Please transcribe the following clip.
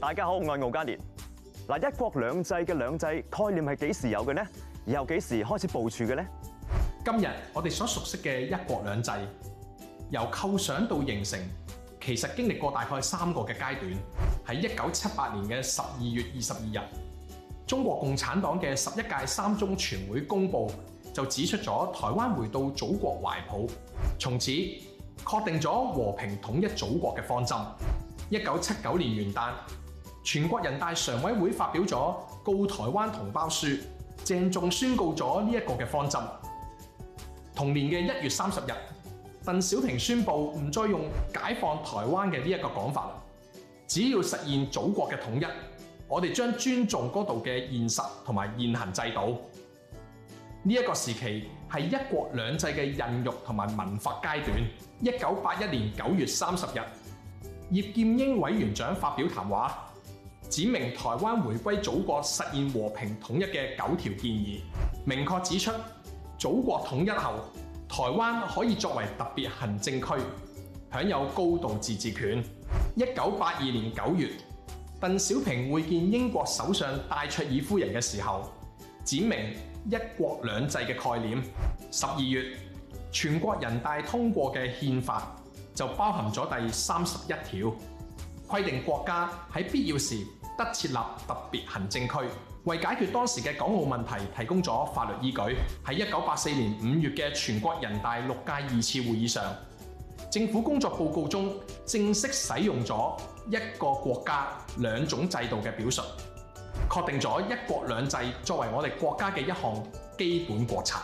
大家好，我係敖嘉年。嗱，一國兩制嘅兩制概念係幾時有嘅呢？又幾時開始部署嘅呢？今日我哋所熟悉嘅一國兩制，由構想到形成，其實經歷過大概三個嘅階段。喺一九七八年嘅十二月二十二日，中國共產黨嘅十一屆三中全會公布，就指出咗台灣回到祖國懷抱，從此確定咗和平統一祖國嘅方針。一九七九年元旦。全國人大常委會發表咗《告台灣同胞書》，鄭重宣告咗呢一個嘅方針。同年嘅一月三十日，鄧小平宣布唔再用解放台灣嘅呢一個講法，只要實現祖國嘅統一，我哋將尊重嗰度嘅現實同埋現行制度。呢一個時期係一國兩制嘅孕育同埋萌發階段。一九八一年九月三十日，葉劍英委員長發表談話。指明台灣回歸祖國實現和平統一嘅九條建議，明確指出祖國統一後，台灣可以作為特別行政區，享有高度自治權。一九八二年九月，鄧小平會見英國首相戴卓爾夫人嘅時候，指明一國兩制嘅概念。十二月，全國人大通過嘅憲法就包含咗第三十一條，規定國家喺必要時，得設立特別行政區，為解決當時嘅港澳問題提供咗法律依據。喺一九八四年五月嘅全國人大六屆二次會議上，政府工作報告中正式使用咗一個國家兩種制度嘅表述，確定咗一國兩制作為我哋國家嘅一項基本國策。